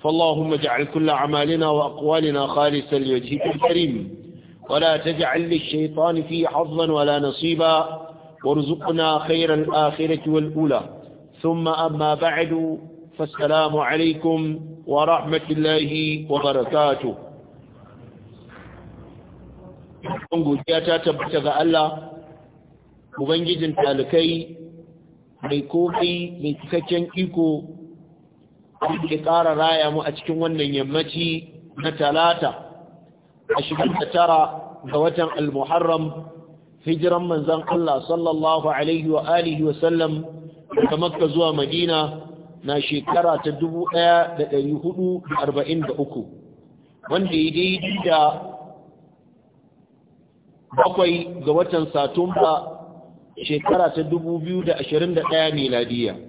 فاللهم اجعل كل أعمالنا وأقوالنا خالصا لوجهك الكريم ولا تجعل للشيطان فيه حظا ولا نصيبا وارزقنا خير الآخرة والأولى ثم أما بعد فالسلام عليكم ورحمة الله وبركاته godiya ta tabbata ga Allah ubangijin talikai mai kofi mai cikakken iko abin da ƙara raya mu a cikin wannan yammaci na talata ashirin da tara ga watan al-muharram hijiran manzan Allah sallallahu alaihi wa alihi wa sallam daga makka zuwa madina na shekara ta dubu ɗaya da da da hudu arba'in uku, wanda ya daidai da bakwai ga watan satumba shekara ta dubu biyu da da ashirin 2021 miladiyya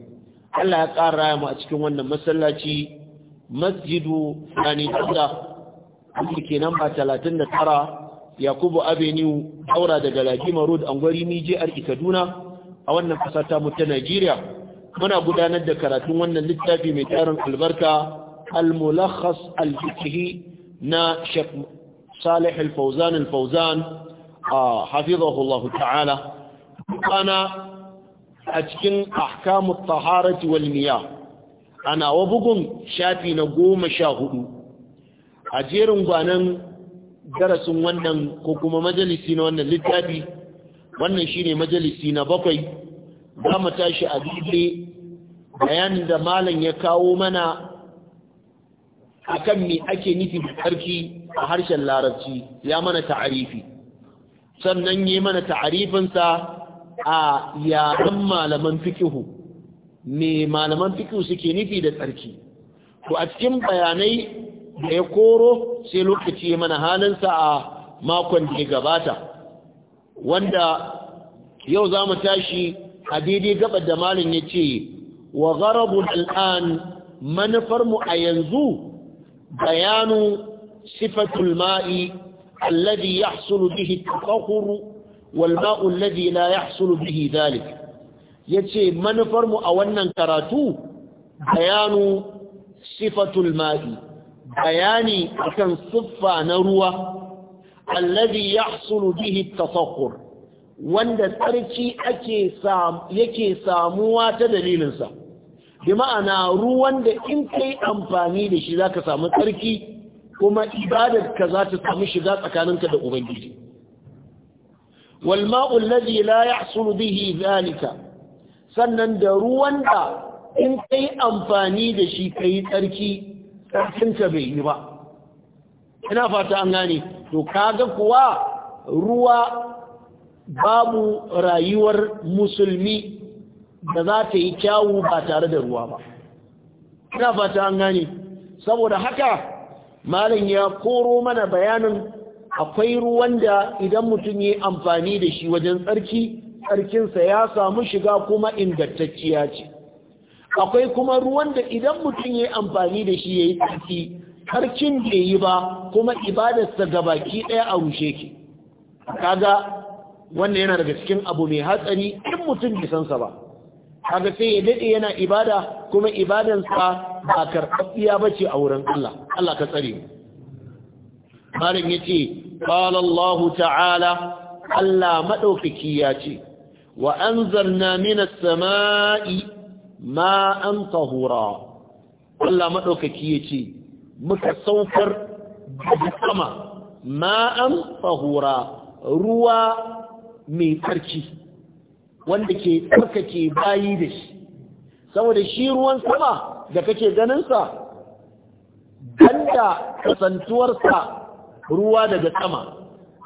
Allah ya ƙara mu a cikin wannan masallaci masjidu Sani Dauda wanda ke namba 39 Yakubu Avenue Aura daga Lagima Road Angwari Mijiyar e, Kaduna a wannan ƙasa ta mu ta Najeriya muna gudanar da karatun wannan littafi mai tarin albarka al-mulakhas al na Sheikh Salih al-Fawzan al-Fawzan hafizahullahu ta'ala kana a cikin ahkamu taharati wal miya ana wa bugun shafi na goma sha hudu a jerin gwanan darasin wannan ko kuma majalisi na wannan littafi wannan shine majalisi na bakwai za mu tashi a dide bayanin da malam ya kawo mana akan me ake nufi da a harshen larabci ya mana ta'arifi sannan yi mana ta'arifinsa a yaren malaman fikihu me malaman fikihu suke nufi da tsarki to a cikin bayanai da ya koro sai lokaci mana halinsa a makon da ya gabata wanda yau za mu tashi a daidai gaba da malin ya ce wa gharabun al'an manufarmu a yanzu bayanu sifatul ma'i ya yahsulu bihi ta ƙwaƙuru. والماء الذي لا يحصل به ذلك يتي منفرم أولا كراتو بيان صفة الماء بياني كان صفة نروى الذي يحصل به التصقر wanda tsarki ake yake samuwa ta dalilinsa bi ma'ana ruwan da in yi amfani da shi zaka samu tsarki kuma ibadar ka za ta samu shiga tsakaninka da ubangiji Walma'u ma'ul la yahsul bihi zalika sannan da ruwan da in kai amfani da shi kai tsarki tsarkin bai yi ba ina fata an gane to kaga kuwa ruwa babu rayuwar musulmi da za ta yi kyawu ba tare da ruwa ba ina fata an gane saboda haka malam ya koro mana bayanin akwai ruwan da idan mutum ya amfani da shi wajen tsarki tsarkinsa ya samu shiga kuma ingantacciya ce akwai kuma ruwan da idan mutum ya amfani da shi ya yi tsarki tsarkin da yi ba kuma ibadarsa gabaki ɗaya a rushe ki kaga wannan yana daga cikin abu mai hatsari in mutum bai san sa ba kaga sai ya dade yana ibada kuma ibadarsa ba karɓaɓɓiya ba ce a wurin Allah Allah ka tsare mu malam yace قال الله تعالى ألا مدوككياتي وأنزلنا من السماء ماء طهورا ألا مدوككياتي متسوفر بسما ماء طهورا روى من تركي wanda ke tsarkake bayi da shi saboda shi ruwan sama da kake ganinsa banda kasantuwarsa ruwa daga sama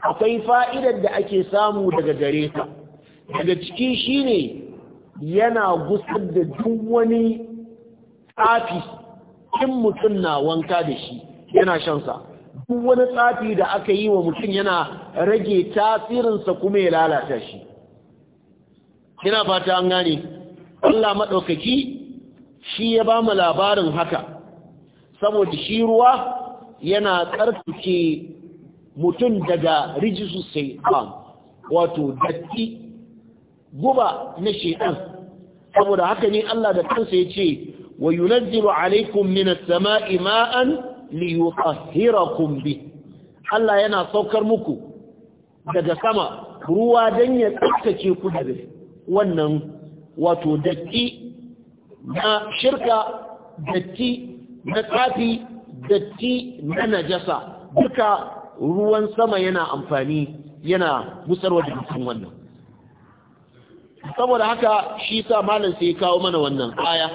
akwai fa'idar da ake samu daga gare ta daga ciki shine yana gusar da duk wani tsafi in mutum na wanka da shi yana shansa duk wani tsafi da aka yi wa mutum yana rage tasirinsa kuma ya lalata shi yana fata an gane Allah maɗaukaki shi ya ba mu labarin haka saboda shi ruwa yana ƙarfuke mutum daga rijisu shaitan wato datti guba na shekar saboda haka ne Allah da kansa ya ce wa yunazzilu alaikum minas sama'i ma'an li yutahhirakum bi Allah yana saukar muku daga sama ruwa dan ya tsaftace ku da wannan wato datti na shirka datti na tsafi datti na najasa duka ruwan sama yana amfani yana musarwa da jikin wannan saboda haka shi sa malam sai kawo mana wannan aya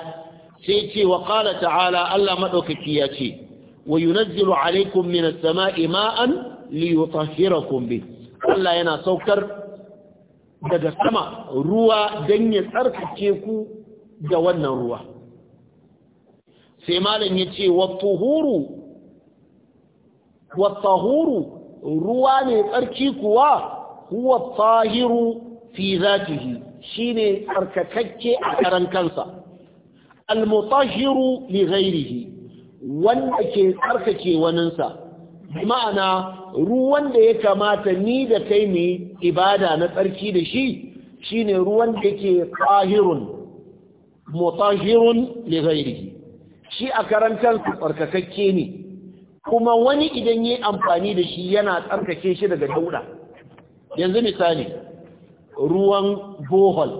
sai ce wa qala ta'ala Allah madaukaki ya ce wa yunazzilu alaykum minas sama'i ma'an liyutahhirakum bi Allah yana saukar daga sama ruwa don ya tsarkake ku da wannan ruwa sai malam ya ce wattahuru ruwa ne tsarki kuwa huwa Tsahiru fi zatihi shine tsarkakakke a karan kansa almutahhiru li ghairihi wanda ke tsarkake waninsa ma'ana ruwan da ya kamata ni da kai ne ibada na tsarki da shi shine ruwan da yake tahirun mutahhirun li ghairihi shi a karantar tsarkakakke ne kuma wani idan yi amfani da shi yana tsarkake shi daga dauda yanzu misali ruwan bohol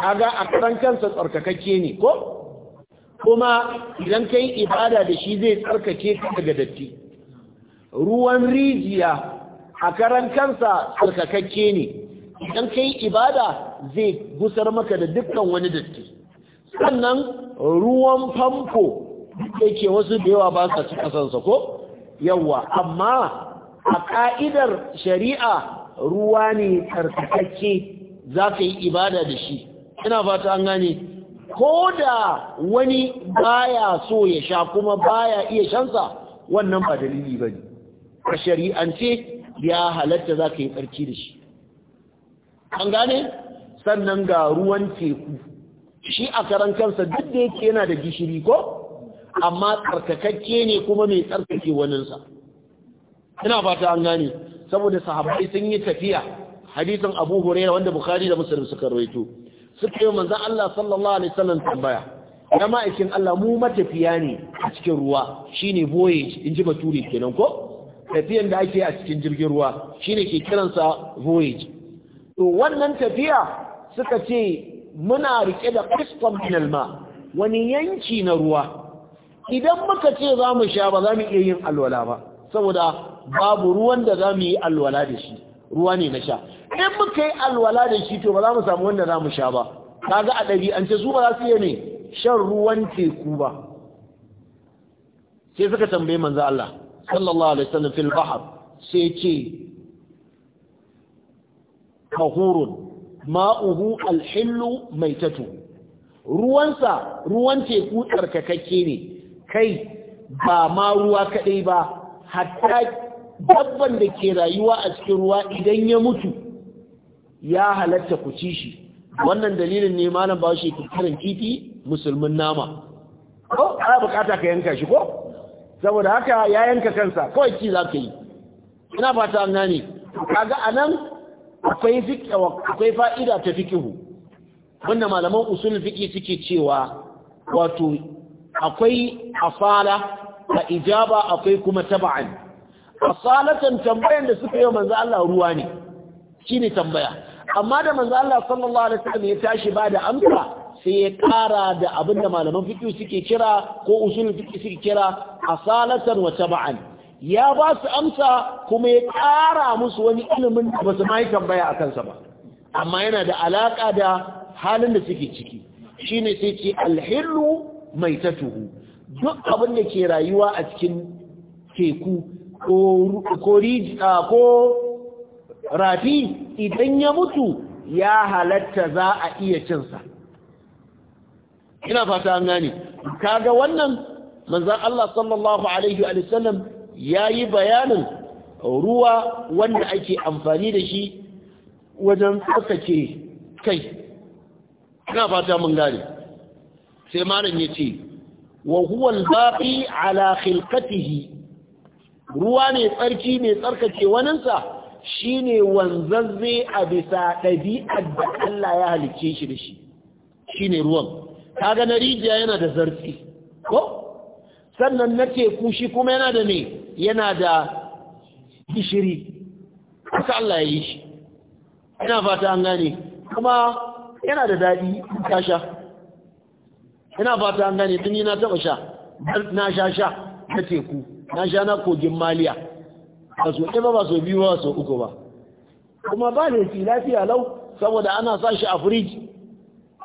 kaga a karantar tsarkakakke ne ko kuma idan kai ibada da shi zai tsarkake ka daga datti ruwan rijiya a karan kansa tsarkakakke ne idan kai ibada zai gusar maka da dukkan wani datti sannan ruwan famfo yake wasu da yawa ba sa kasansa ko yawa amma a ka'idar shari'a ruwa ne tsarkakakke za ka yi ibada da shi ina fata an gane ko da wani baya so ya sha kuma baya iya shansa wannan ba dalili ba ne a shari'ance ya halatta za ka yi tsarki da shi an gane sannan ga ruwan teku shi a karan kansa duk da yake yana da gishiri ko amma tsarkakakke ne kuma mai tsarkake waninsa ina fata an gane saboda sahabbai sun yi tafiya hadisin abu huraira wanda bukhari da muslim suka rawaito suka yi manzon Allah sallallahu alaihi wasallam tambaya na ma'aikin Allah mu matafiya ne a cikin ruwa shine voyage in ji bature kenan ko tafiyan da ake a cikin jirgin ruwa shine ke kiransa voyage to wannan tafiya suka ce muna rike da qistan min alma wani yanci na ruwa idan muka ce za mu sha ba za mu iya yin alwala ba saboda babu ruwan da za mu yi alwala da shi ruwa ne na sha idan muka yi alwala da shi to ba za mu samu wanda za mu sha ba kaga a ɗabi'ance su ba za su iya ne shan ruwan teku ba sai suka tambaye manzo Allah sallallahu alaihi wasallam fil bahr sai ce kahurun ma'uhu alhillu maitatu ruwansa ruwan teku tsarkakakke ne kai ba ma ruwa kadai ba hatta dabban da ke rayuwa a cikin ruwa idan ya mutu ya halatta ku ci shi wannan dalilin ne malam ba shi karin kifi musulmin nama ko ana bukata ka yanka shi ko saboda haka ya yanka kansa kawai ci za ka yi ina fata an gane kaga anan akwai akwai fa'ida ta fikihu wanda malaman usul fiqi suke cewa wato akwai asala a ijaba akwai kuma taba'an asalatan tambayan da suka yi manzo Allah ruwa ne shine tambaya amma da manzo Allah sallallahu alaihi wasallam ya tashi ba da amsa sai ya kara da abinda malaman fiqi suke kira ko usul fiqi suke kira asalatan wa taba'an ya ba su amsa kuma ya ƙara musu wani ilimin da ba su ma yi tambaya a kansa ba amma yana da alaƙa da halin da suke ciki shi ne sai ce alhillu mai ta tuhu. duk abin da ke rayuwa a cikin teku ko rafi idan ya mutu ya halatta za a iya cinsa ina fata an gane kaga wannan manzan Allah sallallahu Alaihi sallam. ya yi bayanin ruwa wanda ake amfani da shi wajen tsarkake kai ina fata mun gane sai malam ya ce wa huwa al-baqi ala khilqatihi ruwa ne tsarki ne tsarkake waninsa shine wanzazze a bisa ɗabi'ar da Allah ya halicce shi da shi shine ruwan kaga na rijiya yana da zarfi ko sannan na teku shi kuma yana da ne yana da gishiri haka Allah ya yi shi yana fata an gane kuma yana da daɗi ta sha Yana fata an gane tun na taɓa sha na sha sha na teku na sha na kogin maliya ba so ɗaya ba so biyu ba so uku ba kuma ba da fi lafiya lau saboda ana sa shi a firij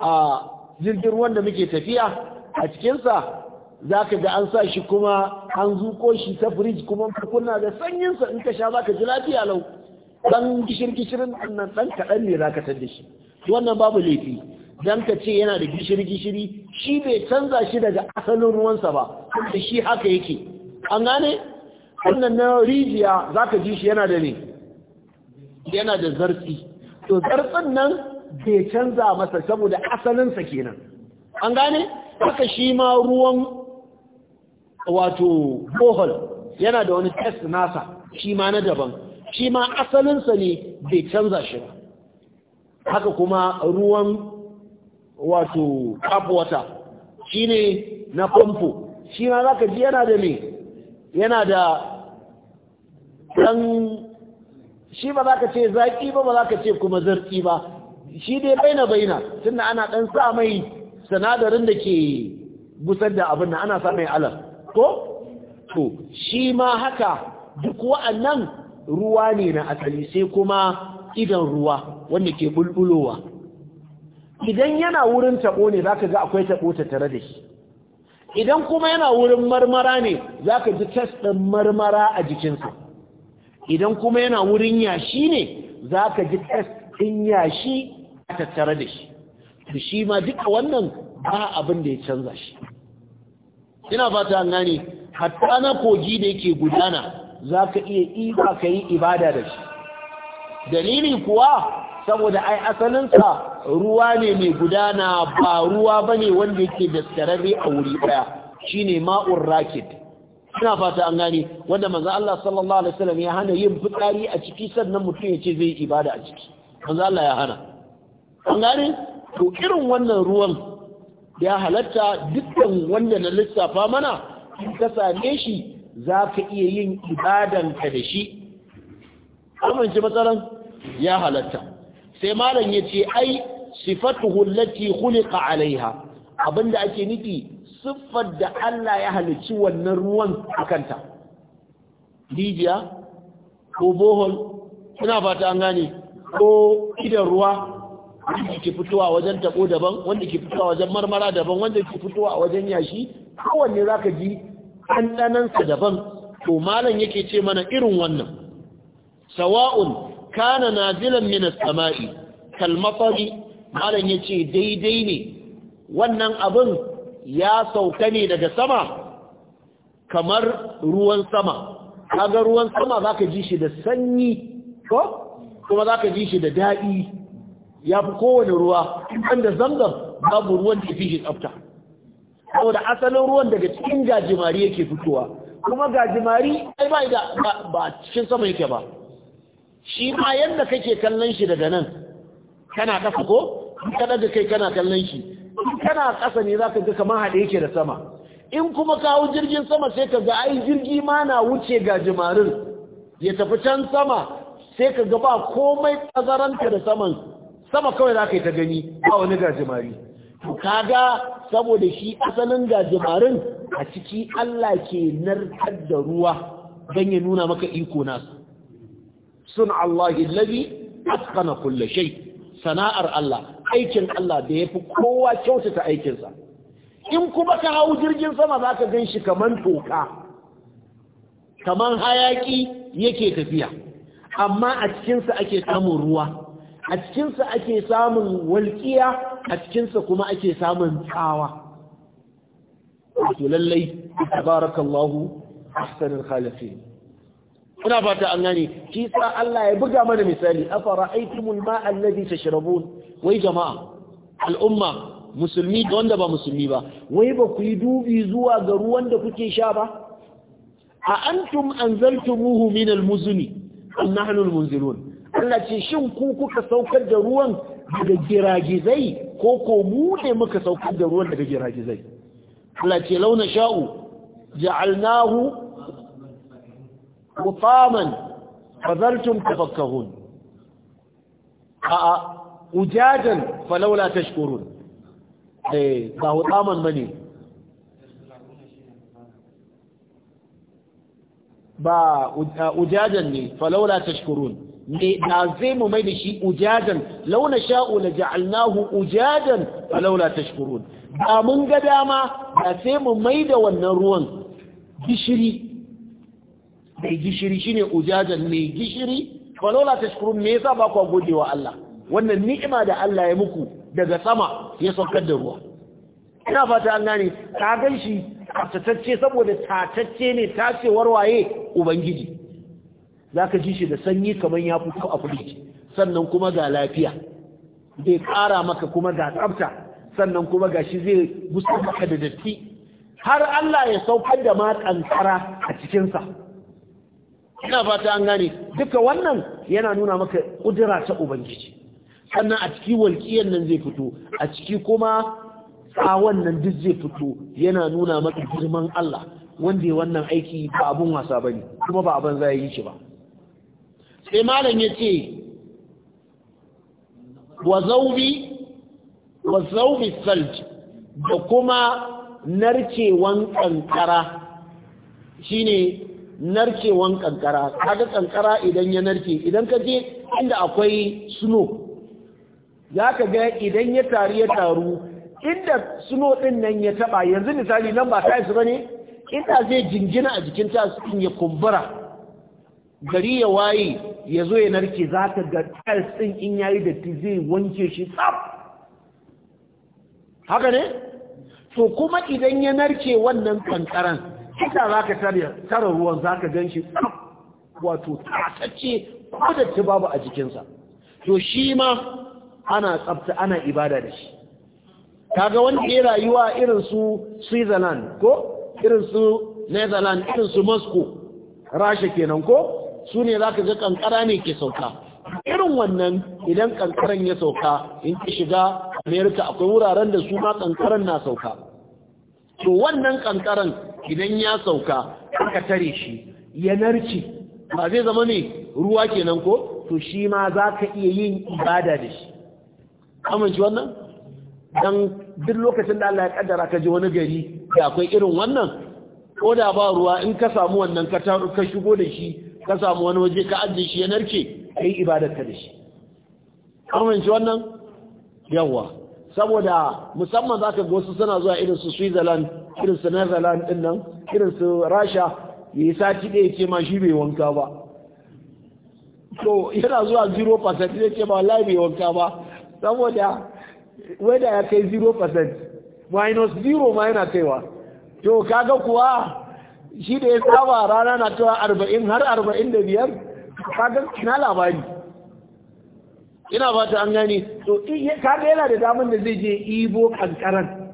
a jirgin ruwan da muke tafiya a cikinsa za ka ga an sa shi kuma an zuko shi ta firij kuma kuna da sanyinsa in ka sha ba ka ji lafiya lau dan gishir gishirin nan dan kaɗan ne za ka tar shi wannan babu laifi dan ka ce yana da gishiri gishiri shi bai canza shi daga asalin ruwansa ba da shi haka yake an gane wannan na rijiya za ka ji shi yana da ne yana da zartsi to zartsin nan bai canza masa saboda asalinsa kenan an gane haka shi ma ruwan wato bohol yana da wani test nasa shi ma na daban shi ma asalinsa ne bai canza shi ba haka kuma ruwan wato tap water shi ne na famfo shi ma za ka ji yana da ne yana da ɗan shi ba za ka ce zaƙi ba ba za ka ce kuma zarƙi ba shi dai baina baina tunda ana ɗan sa mai sinadarin da ke busar da abin da ana sa mai alam ko to shi ma haka duk wa'annan ruwa ne na asali sai kuma idan ruwa wanda ke bulbulowa idan yana wurin tabo ne zaka ga akwai tabo tattare da shi idan kuma yana wurin marmara ne zaka ji tas ɗin marmara a jikinsa idan kuma yana wurin yashi ne zaka ji tas ɗin yashi a tattare da shi to shi ma duka wannan ba abin da ya canza shi ina fata an gane hatta na kogi da yake gudana za ka iya iba ka yi ibada da shi dalili kuwa saboda ai asalinsa ruwa ne mai gudana ba ruwa ba ne wanda yake daskararre a wuri ɗaya shine ma'ur rakid ina fata an gane wanda manzo Allah sallallahu alaihi wasallam ya hana yin fitsari a ciki sannan mutum ya ce zai ibada a ciki manzo Allah ya hana an gane to irin wannan ruwan ya halatta dukkan wanda na lissafa mana in ka same shi za ka iya yin ibada'n ibadanka da shi amince matsalan ya halatta sai malam ya ce ai sifatuhu lati khuliqa alaiha abinda ake nufi siffar da Allah ya halicci wannan ruwan akanta rijiya ko bohol ina fata an gane ko idan ruwa wanda ke fitowa wajen tabo daban wanda ke fitowa wajen marmara daban wanda ke fitowa wajen yashi kowanne ka ji ɗanɗanansa daban to malam yake ce mana irin wannan sawa'un kana na zilan as-sama'i kalmafari malam ya yace daidai ne wannan abin ya sauka ne daga sama kamar ruwan sama kaga ruwan sama za ka ji shi da sanyi ko kuma za ka ji shi da daɗi ya fi kowane ruwa wanda zamzam babu ruwan da fi tsafta saboda asalin ruwan daga cikin gajimari yake fitowa kuma gajimari ai ba da ba cikin sama yake ba shi ma yadda kake kallon shi daga nan kana kasa ko ka da kai kana kallon shi kana kasa ne zaka ga kamar hade yake da sama in kuma kawo jirgin sama sai ka ga ai jirgi ma na wuce gajimarin ya tafi can sama sai ka ga ba komai tazaranta da saman sama kawai za ka yi ta gani ba wani gajimari to kaga saboda shi asalin gajimarin a ciki Allah ke narkar da ruwa don ya nuna maka iko nasu sun Allah illabi askana kulle shai sana'ar Allah aikin Allah da ya fi kowa kyautata aikinsa in kuma ka hau jirgin sama za ka gan shi kamar toka kamar hayaki yake tafiya amma a cikinsa ake samun ruwa a cikinsa ake samun walƙiya a cikinsa kuma ake samun tsawa wato lallai tabarakallahu ahsanul khaliqin ina fata an gane shi sa Allah ya buga mana misali afara'aytumul ma'a alladhi tashrabun wai jama'a al'umma musulmi da wanda ba musulmi ba wai ba ku yi dubi zuwa ga ruwan da kuke sha ba a antum anzaltumuhu min almuzni almunzilun Allah ce shin ku kuka saukar da ruwan daga giragizai ko ko mu ne muka saukar da ruwan daga giragizai Allah ce launa sha'u ja'alnahu qutaman fadaltum tafakkahun a'a ujadan falawla tashkurun eh ba hutaman bane ba ujadan ne falawla tashkurun Me da zai mu mai da shi ujadan launa sha'u la ja'alnahu ujadan falaula tashkurun da mun ga dama da sai mu mai da wannan ruwan gishiri mai gishiri shine ujadan mai gishiri falaula tashkurun me yasa ba ku wa Allah wannan ni'ima da Allah ya muku daga sama ya saukar da ruwa ina fata an gane ka gan shi tatacce saboda tatacce ne tace warwaye ubangiji za ka ji shi da sanyi kamar ya fito a fulici sannan kuma ga lafiya zai ƙara maka kuma ga tsafta sannan kuma ga shi zai gusa maka da datti har Allah ya saukar da ma a cikinsa ina fata an gane duka wannan yana nuna maka kudura ta ubangiji sannan a ciki walƙiyar nan zai fito a ciki kuma tsawon nan duk zai fito yana nuna maka girman Allah wanda wannan aiki ba abun wasa ba ne, kuma ba abin za yi shi ba sai malam ya ce wa zaubi wa zaubi da kuma narcewan kankara shine narcewan kankara kaga kankara idan ya narce idan ka je inda akwai suno ya ka ga idan ya taru ya taru inda suno din nan ya taba yanzu misali nan ba ta isu bane inda zai jingina a jikin ta ya kumbura gari ya waye ya zo ya narke za ka ga tiles ɗin in yayi datti zai wanke shi tsaf haka ne to kuma idan ya narke wannan kankaran kita za ka tara ruwan za ka gan shi tsaf wato sace ko da ta babu a jikinsa to shi ma ana tsafta ana ibada da shi kaga wanda ya rayuwa irin su switzerland ko irin su netherlands irin su moscow rasha kenan ko su ne za ka ga kankara ne ke sauka irin wannan idan kankaran ya sauka in ki shiga america akwai wuraren da su ma kankaran na sauka to wannan kankaran idan ya sauka aka tare shi ya narci ba zai zama ne ruwa kenan ko to shi ma za ka iya yin ibada da shi amince wannan don duk lokacin da Allah ya kaddara ka ji wani gari da akwai irin wannan ko da ba ruwa in ka samu wannan ka shigo da shi ka samu wani waje ka ajiye shi ya narke a yi ibadarka da shi amince wannan yawwa saboda musamman za ka wasu suna zuwa irin su switzerland irin su netherland din nan irin su rasha ya yi sati ɗaya ce ma shi bai wanka ba to yana zuwa zero percent ya ce ba wallahi bai wanka ba saboda weda ya kai zero percent, minus zero ma yana kaiwa to kaga kuwa shi da ya saba rana na cewa arba'in har arba'in da biyar kaga na labari ina ba ta an gane to kaga yana da damar da zai je ibo kankaran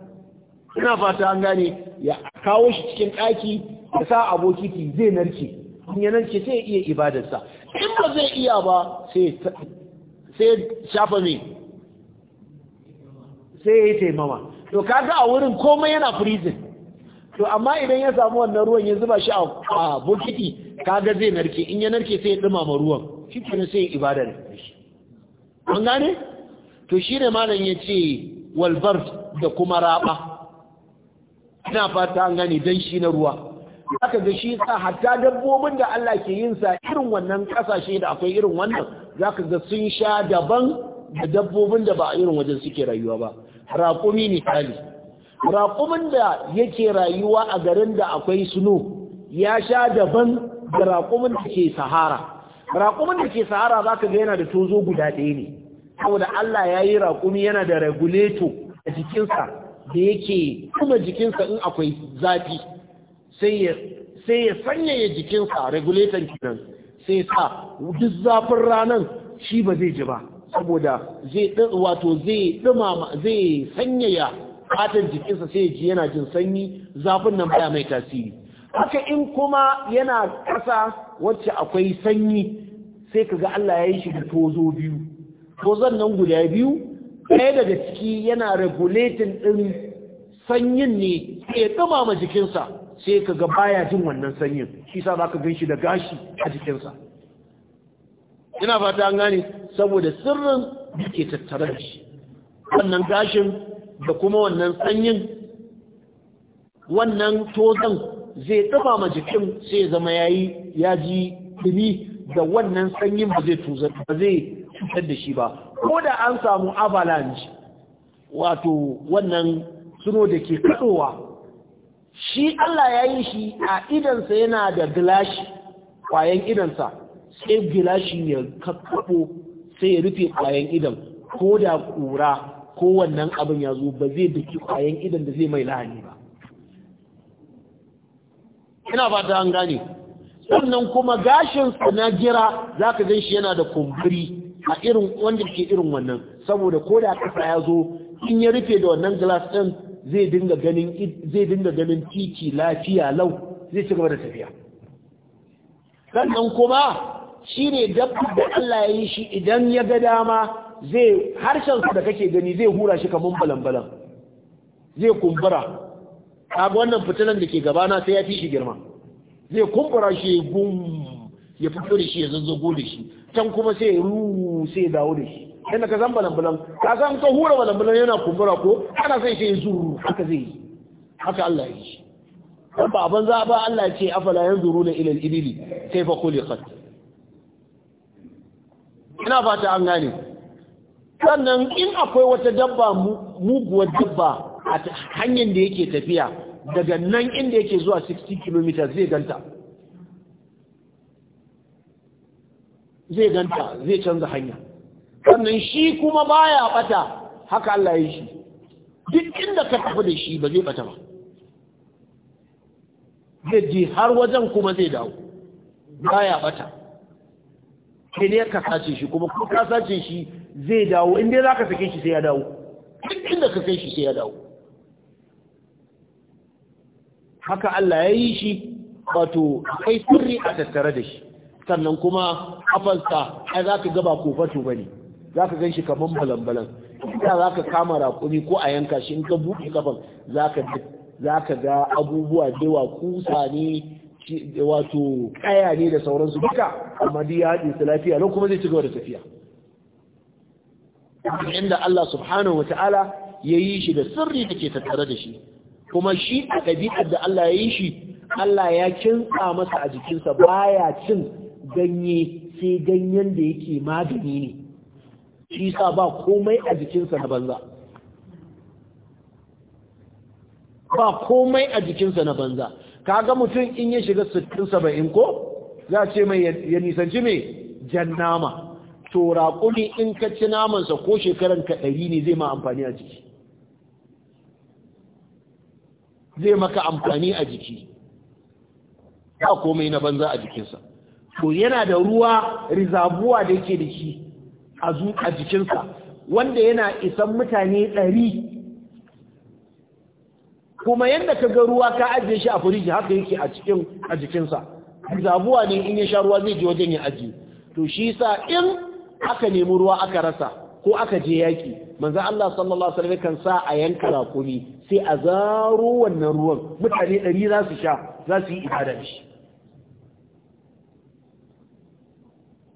ina fata an gane ya kawo shi cikin ɗaki ya sa ki zai narke in ya narce sai ya iya ibadarsa in ba zai iya ba sai shafa mai sai ya yi taimama to kaga a wurin komai yana prison to amma idan ya samu wannan ruwan ya zuba shi a bokiti kaga zai narke in ya narke sai ya dumama ruwan shi kenan sai ibada da shi an gane to shi ne malam ya ce walbar da kuma raba ina fata an gane dan shi na ruwa aka ga shi sa hatta dabbobin da Allah ke yin sa irin wannan kasashe da akwai irin wannan zaka ga sun sha daban da dabbobin da ba irin wajen suke rayuwa ba raƙumi misali raƙumin da yake rayuwa a garin da akwai suno ya sha daban da raƙumin da ke sahara raƙumin da ke sahara za ka ga yana da tozo guda ɗaya ne saboda Allah ya yi raƙumi yana da reguleto a jikinsa da yake kuma jikinsa in akwai zafi sai ya sanyaya jikinsa regulatan kinan sai sa duk zafin ranar shi ba zai ji ba saboda wato zai sanyaya fatan jikinsa sai ji yana jin sanyi zafin nan baya mai tasiri haka in kuma yana ƙasa wacce akwai sanyi sai kaga Allah ya yi shi da tozo biyu tozon nan guda biyu ɗaya daga ciki yana regulatin ɗin sanyin ne ya ɗumama jikinsa sai kaga baya jin wannan sanyin shi sa za ka gan shi da gashi a jikinsa ina fata an gane saboda sirrin da ke tattare da shi wannan gashin da kuma wannan sanyin wannan tozan zai tsufa ma jikin sai zama yayi ya ji dumi da wannan sanyin ba zai cutar da shi ba ko da an samu avalanche wato wannan suno da ke kadowa shi Allah ya yi shi a idansa yana da gilashi kwayan idansa sai gilashi ya kakkaɓo sai ya rufe kwayan idan ko da ƙura kowannan abin ya zo ba zai daki kwayan idan da zai mai lahani ba ina ba ta an gane sannan kuma gashin na gira za ka gan shi yana da kumburi a irin wanda ke irin wannan saboda ko da kasa ya zo in ya rufe da wannan glass ɗin zai dinga ganin zai titi lafiya lau zai ci gaba da tafiya sannan kuma shi ne da Allah ya yi shi idan ya ga dama zai harshen su da kake gani zai hura shi kamar balan-balan zai kumbura ga wannan fitilan da ke gabana sai ya fi shi girma zai kumbura shi gum ya fito da shi ya zazzago da shi can kuma sai ya ruru sai ya dawo da shi yana ka zan balan-balan ka san ka hura balan-balan yana kumbura ko ana sai sai ya zuru haka zai yi haka Allah ya yi shi dan ba ban za ba Allah ya ce afala yanzuruna ila al-ibili kaifa khuliqat ina fata an gane sannan in akwai wata dabba muguwar dabba a hanyar da yake tafiya daga nan inda yake zuwa 60 km zai ganta zai ganta zai canza hanya sannan shi kuma baya bata haka Allah ya shi duk inda ka tafi da shi ba zai bata ba zai ji har wajen kuma zai dawo baya bata sai ne ka sace shi kuma ko ka sace shi zai dawo inda za ka sake shi sai ya dawo inda ka sai shi sai ya dawo haka Allah ya yi shi wato akwai sirri a tattare da shi sannan kuma afansa ai za ka gaba kofato ba ne za ka gan shi kamar balan-balan inda za ka kama raƙumi ko a yanka shi in ka buɗe kafan za ka ga abubuwa da yawa kusa ne wato kaya ne da sauransu duka amma dai ya haɗe su lafiya don kuma zai ci gaba da tafiya inda Allah subhanahu wa ta'ala ya yi shi da sirri da ke tattare da shi kuma shi a ɗabi'ar da Allah ya yi shi Allah ya kinsa masa a jikinsa baya cin ganye sai ganyen da yake magani ne shi sa ba komai a jikinsa na banza ba komai a jikinsa na banza kaga mutum in ya shiga 60 70 ko za ce mai ya nisanci mai jannama to raƙumi in ka ci namansa ko shekaran ka ɗari ne zai ma amfani a jiki zai maka amfani a jiki ya komai na banza a jikinsa to yana da ruwa rizabuwa da yake da shi a jikinsa wanda yana isan mutane ɗari kuma yadda ka ga ruwa ka ajiye shi a firiji haka yake a cikin a jikinsa rizabuwa ne in ya sha ruwa zai ji wajen ya ajiye to shi sa in aka nemi ruwa aka rasa ko aka je yaki manzo Allah sallallahu alaihi wasallam kan sa a yanka rakumi sai a zaro wannan ruwan mutane ɗari za su sha za su yi ibada shi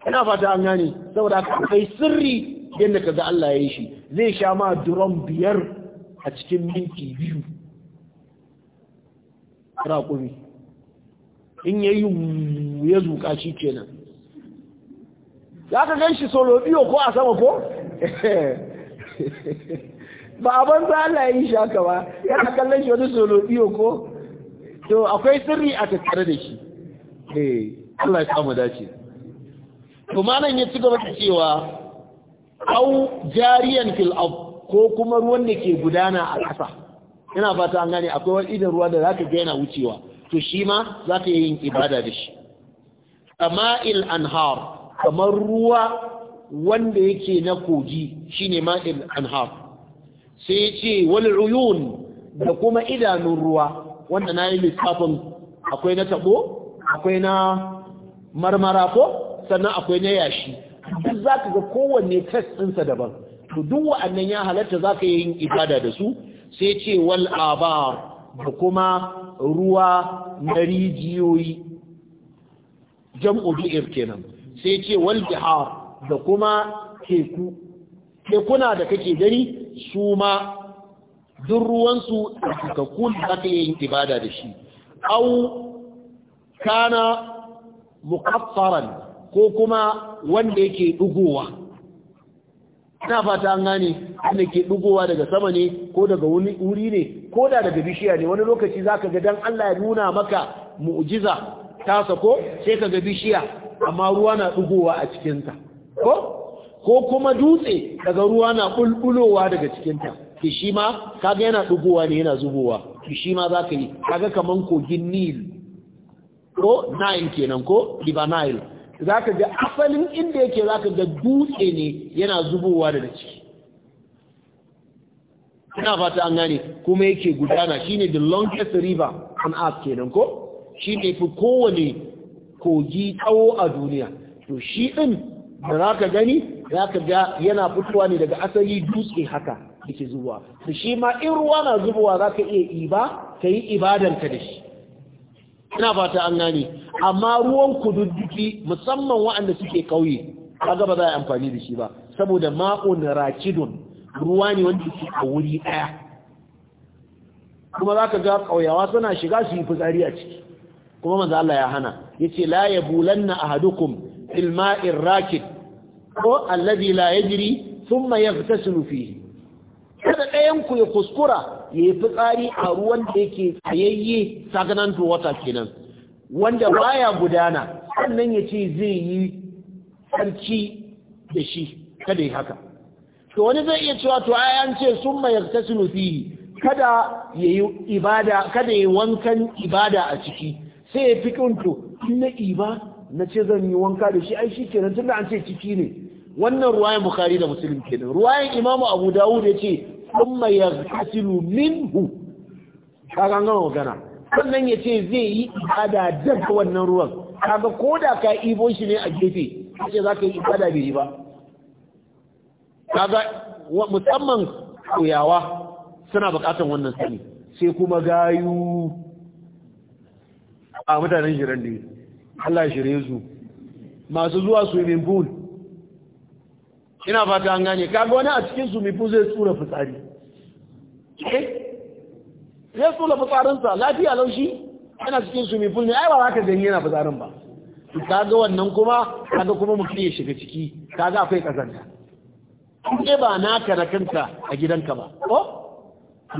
ina fata an gane saboda kai sirri yadda kaza Allah ya yi shi zai sha ma durom biyar a cikin minti biyu rakumi in yayi ya zuƙa shi kenan za ka gan shi solo biyo ko a sama ko ba a za Allah ya yi shi haka ba yana kallon shi wani solo biyo ko to akwai sirri a tattare da shi eh Allah ya samu dace to ya ci gaba da cewa au jariyan fil ko kuma ruwan da ke gudana a ƙasa ina fata an gane akwai wani idan ruwa da zaka ga yana wucewa to shi ma zaka yi ibada da shi sama'il anhar kamar ruwa wanda yake na kogi ne ma'il anhar sai ya ce wani uyun da kuma idanun ruwa wanda na yi lissafin akwai na tabo akwai na marmara ko sannan akwai na yashi duk za ka ga kowanne test ɗinsa daban to duk wa'annan ya halatta za ka yin ibada da su sai ce wal da kuma ruwa na rijiyoyi jam'u bi'ir kenan sai ce wal bihar da kuma teku tekuna da kake gani su ma duk ruwansu tsarkakakku da za yi ibada da shi au kana mukaffaran ko kuma wanda yake dugowa ina fata an gane wanda ke dugowa daga sama ne ko daga wuri ne ko da daga bishiya ne wani lokaci za ka ga dan Allah ya nuna maka mu'jiza ta sako sai ka ga bishiya amma ruwa na ɗugowa a cikinta ko ko kuma dutse daga ruwa na ɓulɓulowa daga cikinta ki shi ma kaga yana ɗugowa ne yana zubowa ki shi ma za ka yi kaga kaman kogin nil ko nile kenan ko river nile za ka ga asalin inda yake za ka ga dutse ne yana zubowa daga ciki ina fata an gane kuma yake gudana shine the longest river on earth kenan ko ne fi kowane kogi tsawo a duniya to shi ɗin da za ka gani za ka ga yana fitowa ne daga asali dutse haka yake zuwa to shi ma in ruwa na zubowa za ka iya iba ka yi ibadanka da shi ina fata an gani amma ruwan kududdufi musamman waɗanda suke ƙauye kaga ba za a amfani da shi ba saboda ma'un rakidun ruwa ne wanda ke a wuri ɗaya kuma za ka ga ƙauyawa suna shiga su yi fitsari a ciki kuma manzo Allah ya hana yace la yabulanna ahadukum fil ma'ir rakid ko alladhi la yajri thumma yaghtasilu fihi kada ɗayan ku ya kuskura ya yi fitsari a ruwan da yake tsayayye stagnant water kenan wanda baya gudana sannan ya ce zai yi sarki da shi kada yi haka to wani zai iya cewa to ai an ce sun yaghtasilu fihi kada yayi ibada kada yayi wankan ibada a ciki sai ya fi kinto in na iba na ce zan yi wanka da shi ai shi kenan tunda an ce ciki ne wannan ruwayan bukhari da muslim kenan ruwayan imamu abu dawud ya ce amma ya kasilu minhu kaga gama magana sannan ya ce zai yi ibada daga wannan ruwan kaga ko da ka ibo shi ne a gefe ce za ka yi ibada bai yi ba kaga musamman koyawa suna bukatan wannan sani sai kuma gayu a mutanen shirin ne Allah shirye su masu zuwa swimming pool ina fata an gane kaga wani a cikin swimming pool zai tsura fitsari eh? zai tsura fitsarinsa lafiya laushi yana cikin swimming pool ne ai ba za ka gani yana fitsarin ba kaga wannan kuma kaga kuma mutum ya shiga ciki kaga akwai kazanta ke ba naka na kanka a gidanka ba ko oh?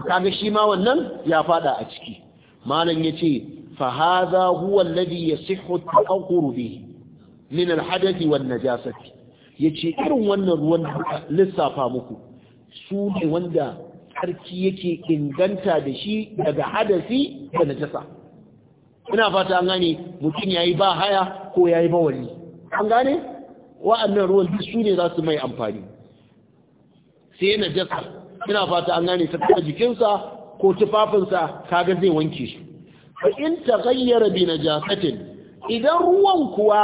kaga shi ma wannan ya fada a ciki malam yace فهذا هو الذي يصح التطهر به من الحدث والنجاسة yace irin wannan ruwan lissafa muku su ne wanda tsarki yake inganta da shi daga hadasi da najasa ina fata an gane mutum yayi ba haya ko yayi bawali an gane wa'annan ruwan duk su ne za su mai amfani sai najasa ina fata an gane ta jikinsa ko tufafinsa kaga zai wanke shi fa in taghayyara bi najasatin idan ruwan kuwa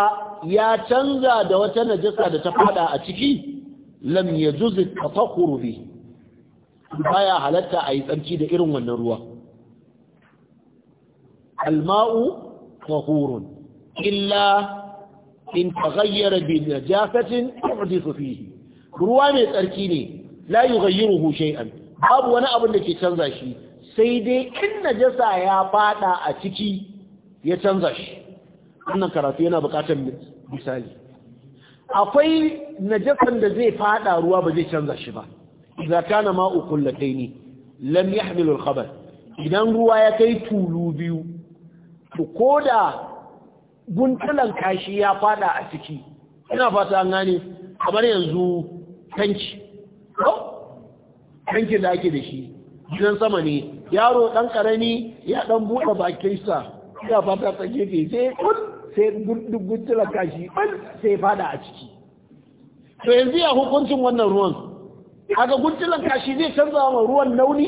ya canza da wata najasa da ta fada a ciki lam yajuz at-tatahhur bi baya halatta ayi tsarki da irin wannan ruwa al-ma'u tahurun illa in taghayyara bi najasatin uhdithu fihi ruwa mai tsarki ne la yughayyiruhu shay'an babu wani abin da ke canza shi sai dai in najasa ya fada a ciki ya canza shi wannan karatu yana bukatar misali akwai najasan da zai fada ruwa ba zai canza shi ba idza kana ma'u kullataini lam yahmil al idan ruwa ya kai tulu biyu to koda guntulan kashi ya fada a ciki ina fata an gane kamar yanzu tanki tanki da ake da shi gidan sama ne yaro ɗan ƙarami ya ɗan buɗe sa, ya fata ta gefe sai kun sai dubbutu kashi sai fada a ciki to yanzu ya hukuncin wannan ruwan aga guntulan kashi zai canza wa ruwan nauni,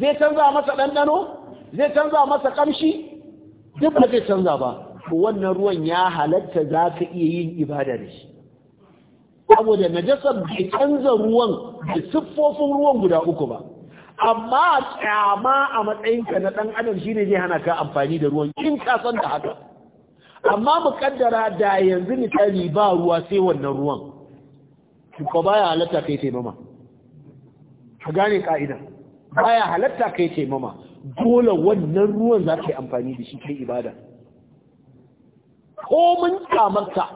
zai canza masa ɗanɗano zai canza masa ƙamshi duk ba zai canza ba wannan ruwan ya halatta za ka iya yin ibada da shi saboda najasar bai canza ruwan da siffofin ruwan guda uku ba amma kyama a matsayinka na ɗan adam shine zai hana ka amfani da ruwan kin ka san da haka amma mu kaddara da yanzu misali ba ruwa sai wannan ruwan ko baya halatta kai taimama ka gane ka'ida baya halatta kai taimama dole wannan ruwan za ka yi amfani da shi kai ibada ko mun kyamarka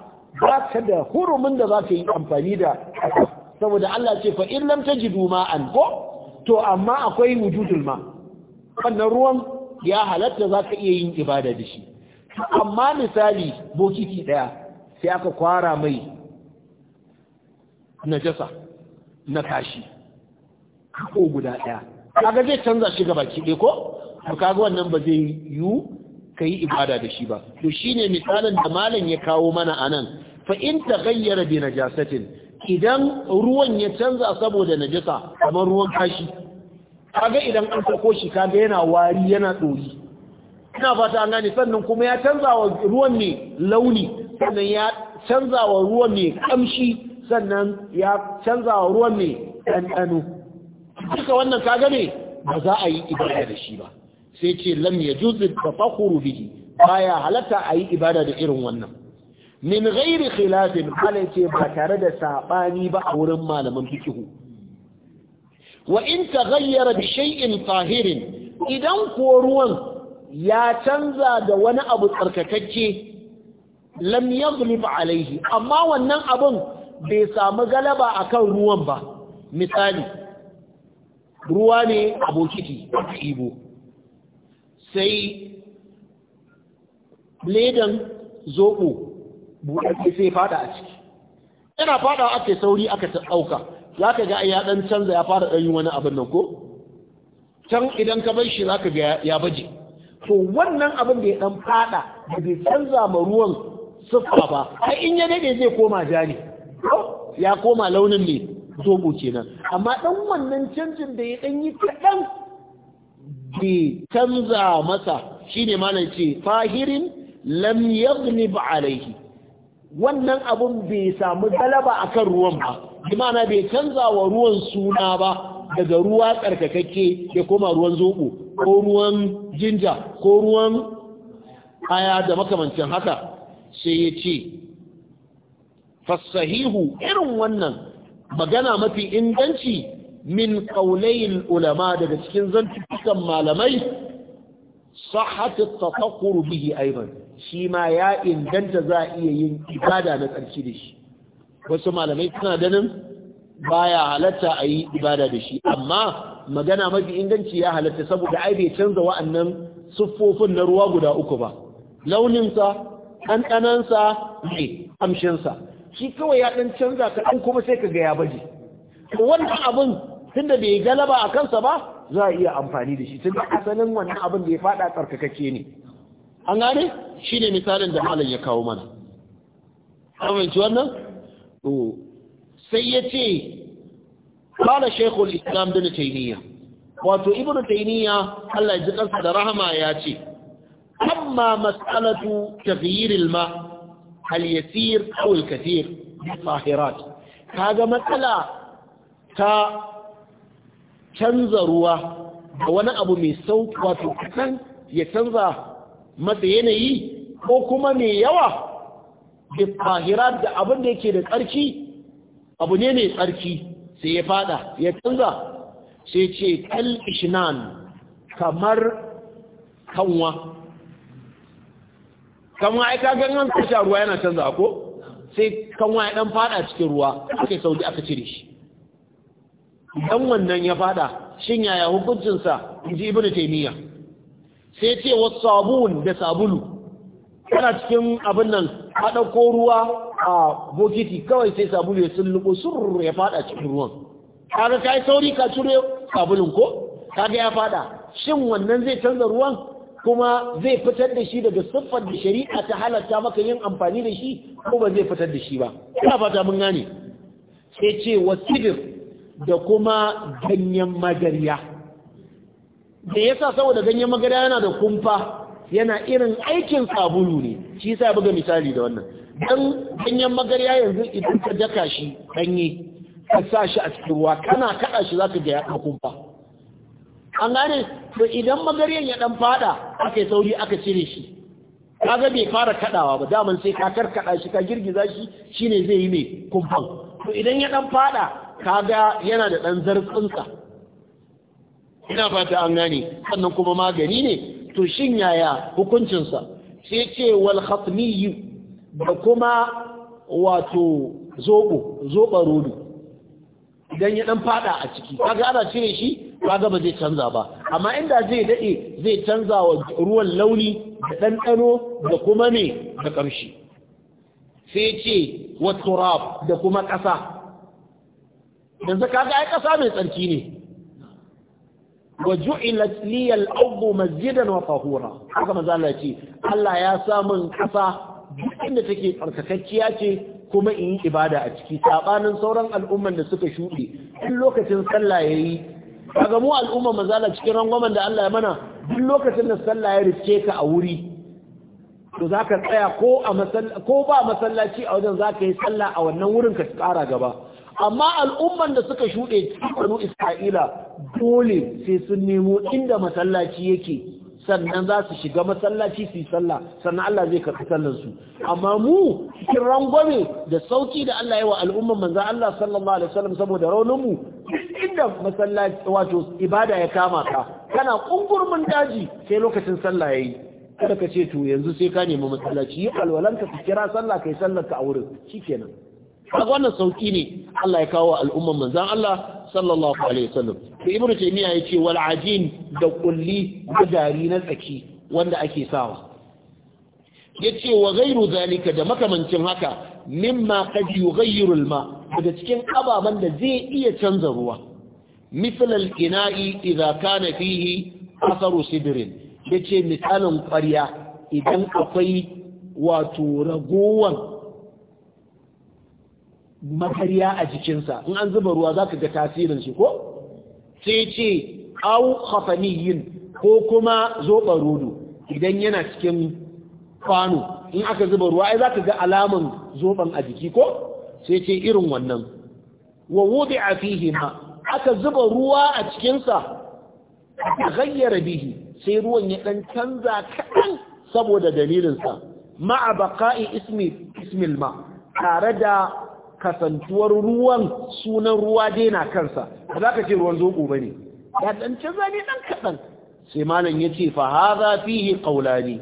za ka da hurumin da za ka yi amfani da saboda Allah ce fa in lam tajidu ma'an ko to amma akwai wujudul ma wannan ruwan ya halatta za ka iya yin ibada da shi amma misali bokiti ɗaya sai aka kwara mai najasa na kashi ko guda ɗaya kaga zai canza shi gaba ɗaya ko to kaga wannan ba zai yiwu ka yi ibada da shi ba to shine misalin da malam ya kawo mana anan fa in taghayyara bi najasatin idan ruwan ya canza saboda najasa kamar ruwan kashi kaga idan an sako shi kaga yana wari yana ɗoyi ina fata an gane sannan kuma ya canza wa ruwan ne launi sannan ya canza wa ruwan ne kamshi sannan ya canza wa ruwan ne ɗanɗano duka wannan kaga ne ba za a yi ibada da shi ba sai ce lam ya juzu da fakuru bihi baya halatta a yi ibada da irin wannan min ghairi khilafin malai ce ba tare da sabani ba a wurin malaman fikihu wa in taghayyara bi shay'in tahirin idan ko ruwan ya canza da wani abu tsarkakakke lam yaghlib alaihi amma wannan abun bai samu galaba akan ruwan ba misali ruwa ne abokiti ibo sai ledan zoɓo buɗaɗɗe sai fada a ciki yana fada ake sauri aka ta ɗauka za ka ga ya ɗan canza ya fara ɗan wani abin nan ko can idan ka bar shi za ka ga ya baje to wannan abin da ya ɗan faɗa da bai canza ma ruwan siffa ba ai in ya daɗe zai koma ja ya koma launin ne zobo kenan amma ɗan wannan canjin da ya ɗan yi kaɗan bai canza masa shine malam ce fahirin lam yaghlib alaihi wannan abun bai samu galaba a kan ruwan ba imana bai canza wa ruwan suna ba daga ruwa tsarkakakke ya koma ruwan zoɓo ko ruwan jinja ko ruwan aya da makamancin haka sai ya ce fasahihu irin wannan magana mafi inganci min ƙaunayin ulama daga cikin zantukan malamai sahhatu tafakkuru bihi aidan shi ma ya inganta za a iya yin ibada na tsarki da shi wasu malamai suna ganin baya halarta a yi ibada da shi amma magana mafi inganci ya halarta saboda ai bai canza wa'annan siffofin na ruwa guda uku ba launinsa ɗanɗanansa ne amshinsa shi kawai ya ɗan canza kaɗan kuma sai ka ga ya baje wannan abin tunda bai galaba a kansa ba za a iya amfani da shi tun asalin wannan abin da ya fada tsarkakakke ne an gane shi ne misalin da malam ya kawo mana amince wannan sai ya ce kala shekul islam da taimiyya wato ibnu taimiyya allah ji kansa da rahama ya ce amma mas'alatu tafiyiril ma hal yaseer aw al kathir bi sahirat kaga matsala ta canza ruwa da wani abu mai sauki wato kaɗan ya canza masa yanayi ko kuma mai yawa da fahira da abin da yake da tsarki abu ne mai tsarki sai ya fada ya canza sai ce kal ishnan kamar kanwa kanwa ai kaga an ruwa yana canza ko sai kanwa ya ɗan fada cikin ruwa aka saudi aka cire shi idan wannan ya fada shin yaya hukuncinsa inji ibnu taymiya sai ce wasabun da sabulu kana cikin abin nan a dauko ruwa a bokiti kawai sai sabulu ya sulluko sur ya fada cikin ruwan kaga kai sauri ka cire sabulun ko kaga ya fada shin wannan zai canza ruwan kuma zai fitar da shi daga siffar da shari'a ta halatta maka yin amfani da shi ko ba zai fitar da shi ba ina fata mun gane sai ce wasibir da kuma ganyen magariya da sa saboda ganyen magarya yana da kumfa yana irin aikin sabulu ne shi sa buga misali da wannan dan ganyen magariya yanzu idan ka daka shi danye ka sa shi a cikin ruwa kana kada shi za ka ga a kumfa an gane to idan magariyan ya dan fada aka sauri aka cire shi kaga bai fara kaɗawa ba daman sai ka karkada shi ka girgiza shi shine zai yi mai kumfan to idan ya ɗan fada kaga yana da ɗan zarfinsa ina fata an gane sannan kuma magani ne to shin yaya hukuncinsa sai ce wal khatmiyu da kuma wato zobo zoba rodo idan ya dan fada a ciki kaga ana cire shi kaga ba zai canza ba amma inda zai dade zai canza wa ruwan launi da ɗanɗano da kuma ne da ƙamshi sai ce wa turab da kuma ƙasa yanzu kaga ai kasa mai tsarki ne waju ju'ilat abu al-ardu masjidan wa tahura haka manzo Allah ce Allah ya sa min kasa duk inda take tsarkakakkiya ce kuma in yi ibada a ciki sabanin sauran al'umman da suka shuɗe in lokacin sallah yayi kaga mu al'umma manzo cikin rangwamen da Allah ya mana duk lokacin da sallah ya rike ka a wuri to zaka tsaya ko ba masallaci a wajen zaka yi sallah a wannan wurin ka tsara gaba amma al'umman da suka shuɗe banu isra'ila dole sai sun nemo inda masallaci yake sannan za su shiga masallaci su yi sallah sannan Allah zai karɓi sallarsu amma mu cikin rangwame da sauki da Allah ya wa al'umman manzo Allah sallallahu alaihi wasallam saboda raunin mu inda masallaci wato ibada ya kama ka kana kungurmin daji sai lokacin sallah yayi kada ka ce to yanzu sai ka nemi masallaci yi alwalanka ka kira sallah kai sallar ka a wurin shikenan kaga wannan sauki ne Allah ya kawo al'umman manzan Allah sallallahu alaihi wasallam to Ibrahim taymiya yace wal ajin da ƙulli da gari na tsaki wanda ake sawa ce wa ghairu zalika da makamancin haka mimma qad yi al-ma daga cikin ababan da zai iya canza ruwa misal al-ina'i idza kana fihi atharu sidrin yace misalin ƙwarya idan akwai wato ragowan makarya a jikinsa in an zuba ruwa za ka ga tasirin shi ko sai ce au khafaniyin ko kuma zoɓa rudu idan yana cikin kwano in aka zuba ruwa ai za ka ga alamun zoɓan a jiki ko sai ce irin wannan wa wuɗi a fihima aka zuba ruwa a cikinsa a gayyara bihi sai ruwan ya ɗan canza kaɗan saboda dalilinsa Ma a baƙa'i ismil ma tare da kasantuwar ruwan sunan ruwa daina kansa ba za ka ce ruwan zoɓo ba ne ya ɗan canza ɗan kaɗan sai malam ya ce fa haza fihi qaulani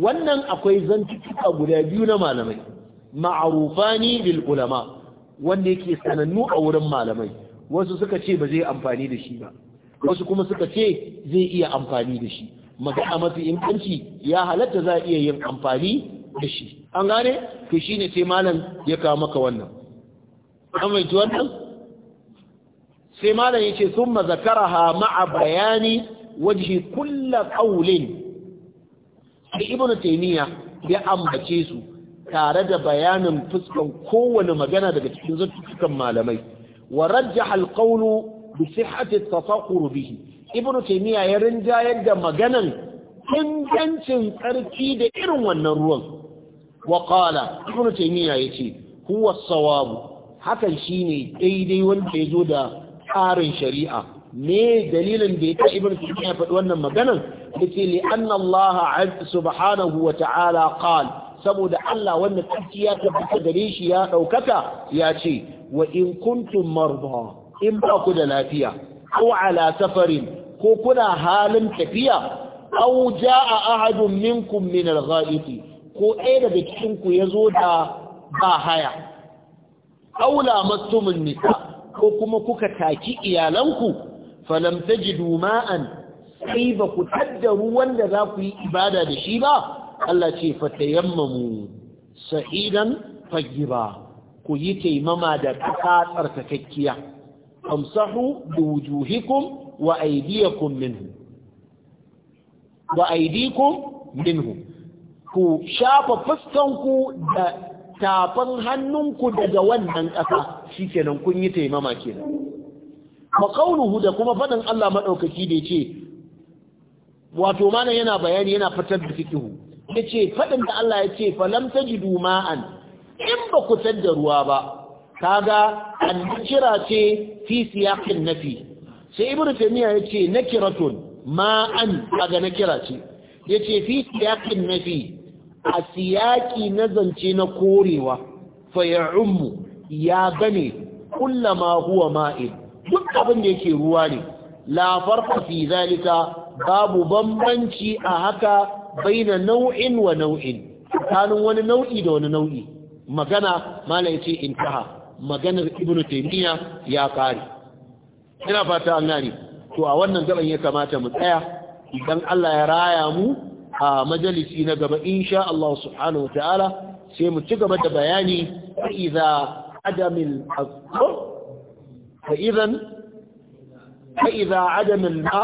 wannan akwai zantuttuka guda biyu na malamai ma'arufani lil ulama wanda yake sanannu a wurin malamai wasu suka ce ba zai amfani da shi ba wasu kuma suka ce zai iya amfani da shi magana mafi inganci ya halatta za iya yin amfani da shi an gane shi ne sai malam ya kawo maka wannan an mai wannan sai malam ya ce sun mazakaraha ma'a bayani wajhi kulla ƙaulin sai ibn taymiya ya ambace su tare da bayanin fuskan kowane magana daga cikin zartukan malamai wa rajja alqawlu bi sihhati at bihi ibn taymiya ya rinjayar da maganan ingancin tsarki da irin wannan ruwan Waƙala, qala taymiya yace huwa sawabu hakan shine daidai wanda yazo da tsarin shari'a me dalilin da yake ibnu taymiya faɗi wannan maganar yace li anna allaha subhanahu wa ta'ala qala saboda Allah wanda tsarki ya tabbata gare shi ya ɗaukaka ya ce wa in kuntum marda in ba ku da lafiya ko ala safarin ko kuna halin tafiya aw jaa ahadun minkum min al-ghaibi ko ɗaya daga cikinku ya zo da ba haya aula mastumin nisa ko kuma kuka taki iyalanku falam tajidu duma'an. sai ba ku tadda ruwan da za ku yi ibada da shi ba Allah ce yammamu, sa'idan fagiba ku yi taimama da ƙasa tsarkakakkiya amsahu da wujuhikun wa aidiyakun minhu ku shafa fuskanku da tafin hannunku daga wannan ƙasa shi kenan kun yi taimama kenan wa da kuma faɗin Allah maɗaukaki da yace wato mana yana bayani yana fitar da fikihu yace faɗin da Allah yace falam tajidu ma'an in ba ku da ruwa ba kaga an kira ce fi siyaqin nafi sai ibnu taymiya yace nakiratun ma'an kaga nakira ce yace fi siyaqin nafi a siyaki na zance na korewa fayarunmu ya gane kullama huwa ma'in duk abin da yake ruwa ne la farqa fi zalika babu bambanci a haka baina nau'in wa nau'in tsakanin wani nau'i da wani nau'i magana mala ce intaha maganar ibnu taymiya ya kare ina fata an gane to a wannan gaban ya kamata mu tsaya idan Allah ya raya mu a majalisi na gaba insha Allah subhanahu sai mu ci gaba da bayani idza adamil azhar fa idan fa idza adam al-ma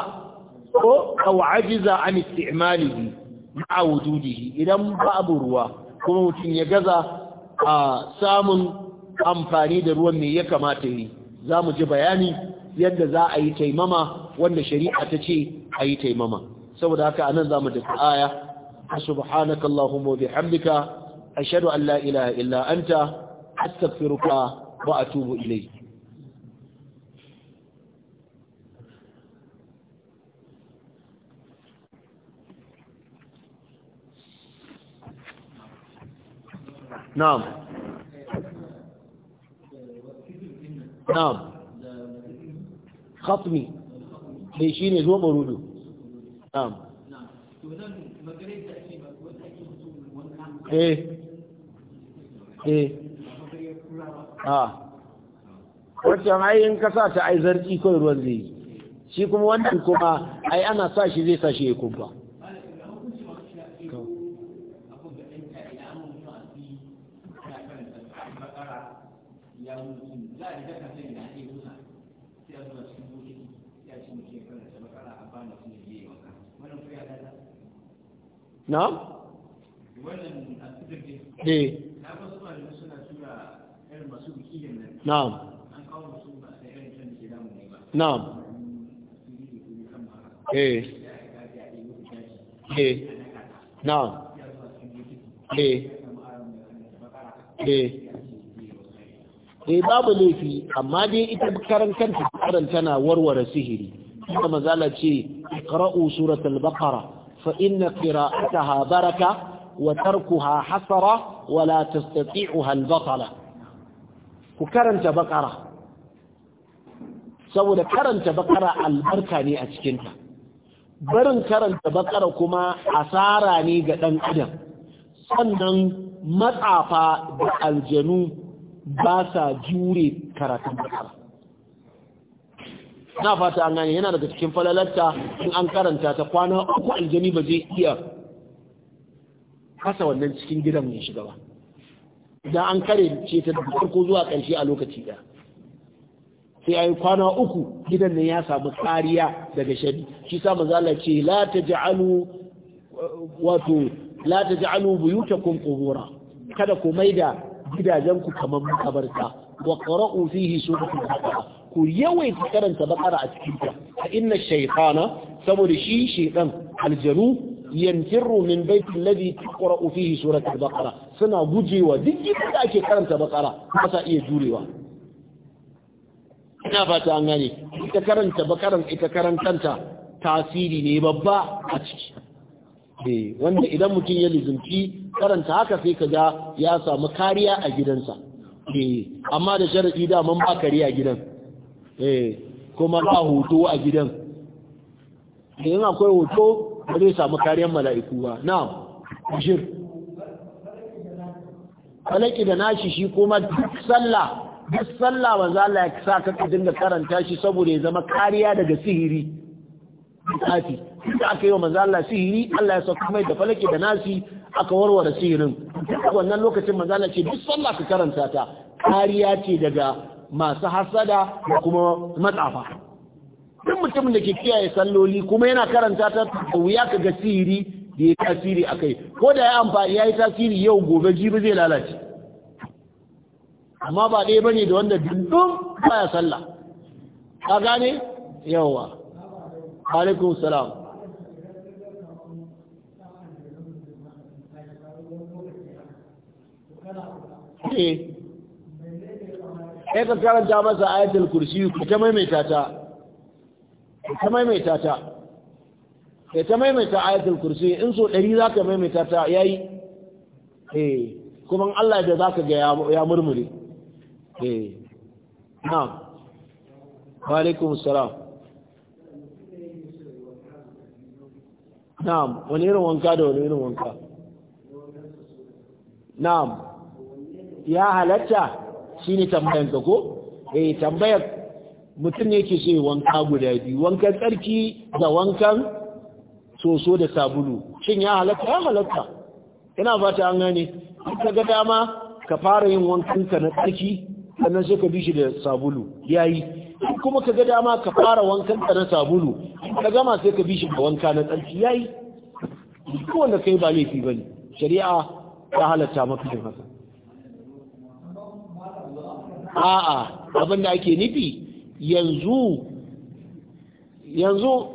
ko aw ajiza an istimalihi ma'a wujudihi idan babu ruwa kuma mutum ya gaza a samun amfani da ruwan me ya kamata yi za mu ji bayani yadda za a yi taimama wanda shari'a ta ce a yi taimama saboda haka anan zamu tafi aya subhanaka allahumma bihamdika ashhadu an la ilaha illa anta astaghfiruka wa atubu ilayk نعم نعم خطمي ليشين يزوى مرودو na'am eh, eh. wancan in ka ta aizarci zarki kawai ruwan zai yi shi kuma wannan kuma ai ana sa shi zai sa shi ya kumba na? eh na'am na'am eh eh na'am eh. Eh. Eh, babu laifi amma dai ita karantanta karanta tana warware sihiri kuma mazala ce suratul baqara فإن قراءتها بركة وتركها حسرة ولا تستطيعها البطلة وكرنت بقرة saboda karanta baƙara, albarka ne a cikinta barin karanta baƙara kuma asara ne ga ɗan adam sannan matsafa da aljanu ba sa jure karatun bakara na fata an gane yana daga cikin falalarta in an karanta ta kwana uku aljani ba zai iya kasa wannan cikin gidan mai shiga ba idan an kare ce ta da farko zuwa ƙarshe a lokaci ɗaya sai yi kwana uku gidan nan ya samu kariya daga shari shi sa mazala ce la taj'alu wato la taj'alu kun qubura kada ku da gidajenku kamar makabarta wa ƙara'u fihi suratul baqara ku yawaita karanta bakara a cikin ta fa inna shaytana saboda shi shaytan aljaru, yanjiru min baiti alladhi tuqra'u fihi surat suna gujewa duk inda ake karanta bakara ba sa iya jurewa ina fata an gane ita karanta bakaran ita karantanta tasiri ne babba a ciki eh, wanda idan mutum ya lizinci karanta haka sai ka ga ya samu kariya a gidansa eh, amma da da daman ba kariya gidan eh kuma ba hoto a gidan in akwai hoto ba zai samu kariyar mala'iku ba na bishir falaki da nashi shi kuma duk sallah duk sallah za Allah ya sa ka dinga karanta shi saboda ya zama kariya daga sihiri tsafi inda aka yi wa manzo sihiri Allah ya sauka mai da falaki da nasi aka warware sihirin wannan lokacin manzo ce duk sallah ka karanta ta kariya ce daga masu hasada da kuma matsafa duk mutumin da ke kiyaye salloli kuma yana karanta ta wuya ka ga da ya tasiri a kai ko da ya amfani ya yi tasiri yau gobe jibi zai lalace amma ba ɗaya ba ne da wanda dundun baya sallah ka gane yawa alaikum salam Okay. Eh. sai ka karanta masa ayatul kursi ka ta maimaita ta ka ta maimaita ta ka ta maimaita ayatul kursi in so ɗari zaka ka maimaita ta yayi eh kuma Allah da zaka ga ya murmure eh na wa alaikum salam na'am wani irin wanka da wani irin wanka na'am ya halatta shine tambayan tambayanka ko eh tambayar mutum ne ke so wanka guda biyu wankan tsarki da wankan soso da sabulu shin ya halatta ya halatta ina fata an gane ka ga dama ka fara yin wankan ka na tsarki sannan sai ka bi shi da sabulu yayi kuma ka ga dama ka fara wankan ka na sabulu ka gama sai ka bi shi da wanka na tsarki yayi kowanne kai ba laifi bane shari'a ta halatta maka yin haka a'a abin da ake nufi yanzu yanzu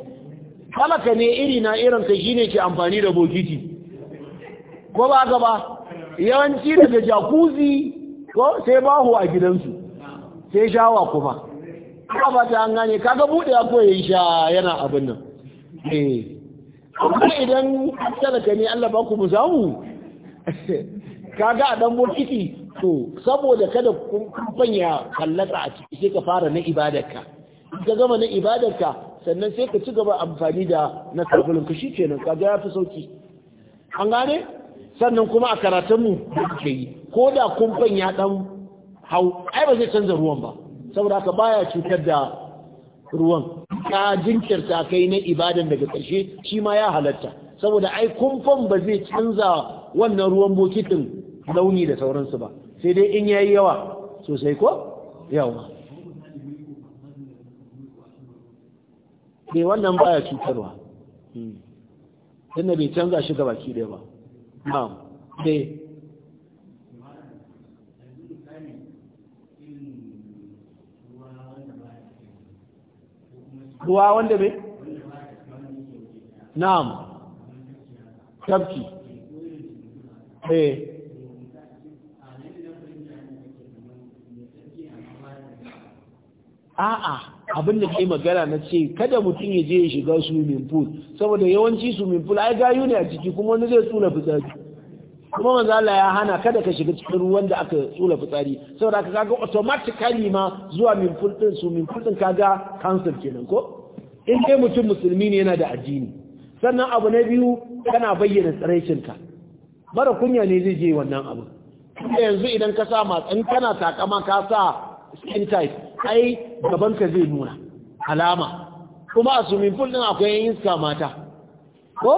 halaka ne iri na irin ka shine ke amfani da bokiti ko ba ka ba yawanci daga jakuzi ko sai bahu a gidansu sai shawa kuma ba ba ta hangane kaga bude ko yin sha yana abin nan eh amma idan talaka ne Allah ba ku mu samu kaga a dan bokiti to saboda kada kun ya kallata a ciki sai ka fara na ibadarka in ka gama na ibadarka sannan sai ka ci gaba amfani da na karfin ka shi kenan ka ga yafi sauki an gane sannan kuma a karatun mu ke yi ko da kumfan ya dan hau ai ba zai canza ruwan ba saboda ka baya cutar da ruwan ka jinkirta kai na ibadan daga ƙarshe shi ma ya halatta saboda ai kumfan ba zai canza wannan ruwan bokitin launi da sauransu ba sai dai in yayi yawa sosai ko yawa ne eh, wannan baya cutarwa hmm. tunda bai canza shi gabaki ɗaya ba na'am dai eh. ruwa wanda bai na'am tafki eh a'a abin da ke magana na ce kada mutum ya je ya shiga swimming pool saboda yawanci swimming pool ai gayu ne a ciki kuma wani zai tsula fitsari kuma manzo ya hana kada ka shiga cikin ruwan da aka tsula fitsari saboda ka ga automatically ma zuwa min pool din swimming pool din kaga cancer kenan ko in dai mutum musulmi ne yana da addini sannan abu na biyu kana bayyana ka mara kunya ne zai je wannan abu yanzu idan ka sa matsan kana takama ka sa skin type ai gabanka zai nuna alama kuma a swimming pool din akwai yan iska mata ko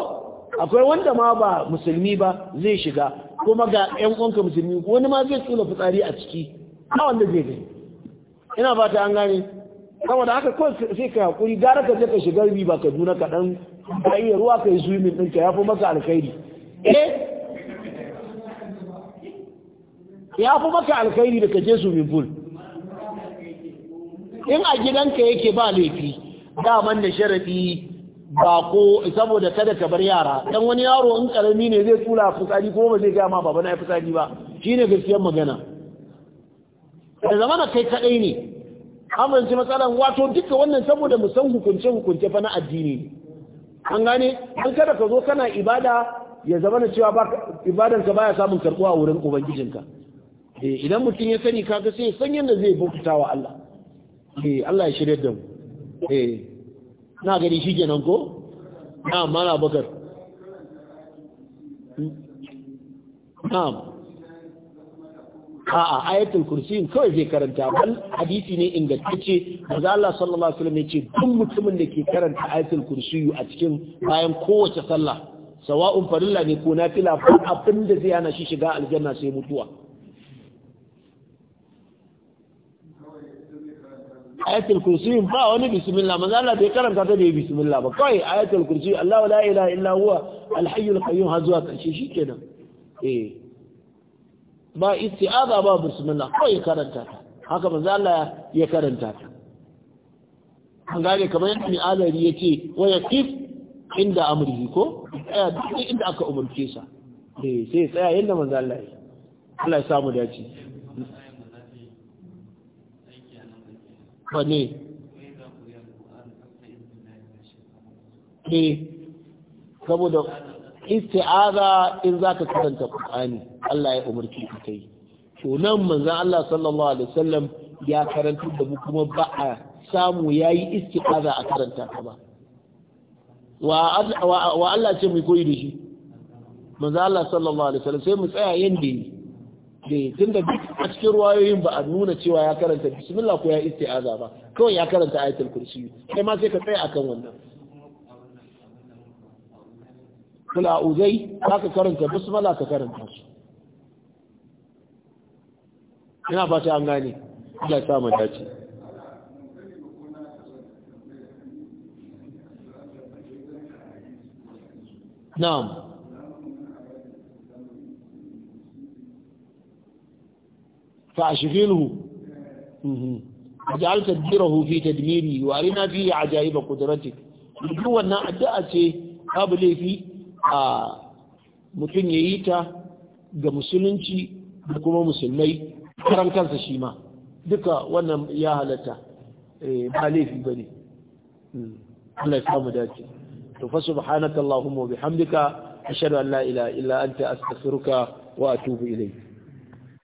akwai wanda ma ba musulmi ba zai shiga kuma ga ƴan uwanka musulmi wani ma zai tsula fitsari a ciki ba wanda zai gani ina ta an gane saboda haka ko sai ka hakuri gara ka je ka shiga ribi ba ka duna ka dan ka iya ruwa ka yi swimming din ka yafi maka alkhairi eh ya fi maka alkhairi da ka je swimming pool in a gidanka yake ba laifi daman da sharaɗi ba ko saboda kada ka bar yara dan wani yaro in karami ne zai tura fitsari ko ba zai ga ma baba na fitsari ba shine gaskiyar magana da zamana kai kadai ne amince matsalan wato duka wannan saboda mu san hukunce hukunce fa na addini an gane an kada ka zo kana ibada ya zamana cewa ba ibadan ka baya samun karbuwa wurin ubangijinka eh, idan mutum ya sani kaga sai san yanda zai wa Allah eh Allah ya shirye da mu eh. na gani shi kenan ko na mana bakar na'am a'a ayatul kursi kawai zai karanta bal hadisi ne ce maza Allah sallallahu alaihi wasallam ce duk mutumin da ke karanta ayatul kursi a cikin bayan kowace sallah sawa'un farilla ne ko na fila abin da zai hana shi shiga aljanna sai mutuwa ayatul kursi ba wani bismillah manzo Allah bai karanta ta da bismillah ba kai ayatul kursi Allahu la ilaha illa huwa al-hayyul qayyum har zuwa shi shikenan eh ba isti'aza ba bismillah kai karanta ta haka manzo Allah ya karanta ta an gane kamar yadda mai alari yace wa yaqif inda amrihi ko inda aka umurce sa eh sai tsaya yadda manzo Allah ya Allah ya samu dace wane eh saboda isti'aza in zaka karanta Qur'ani Allah ya umarci ka kai to nan manzon Allah sallallahu alaihi wasallam ya karanta da mu kuma ba a samu yayi isti'aza a karanta ka ba wa Allah ce mai koyi da shi manzon Allah sallallahu alaihi wasallam sai mu tsaya yanda yi eh tunda duk a cikin ruwayoyin ba a nuna cewa ya karanta bismillah ko ya isti'aza ba kawai ya karanta ayatul kursi kai ma sai ka tsaya akan wannan kul a'udai ka karanta bismillah ka karanta su ina fata an gane Allah ya sa mu dace na'am فأشغله أجعل تدبيره في تدميري وأرنا فيه عجائب قدرتك يجوى أن أدأت قبل في mutum ya yi ta ga musulunci da kuma musulmai karan kansa shi duka wannan ya halatta ba laifi ba ne Allah ya samu dace to fa subhanakallahumma wa bihamdika ashhadu an la ilaha illa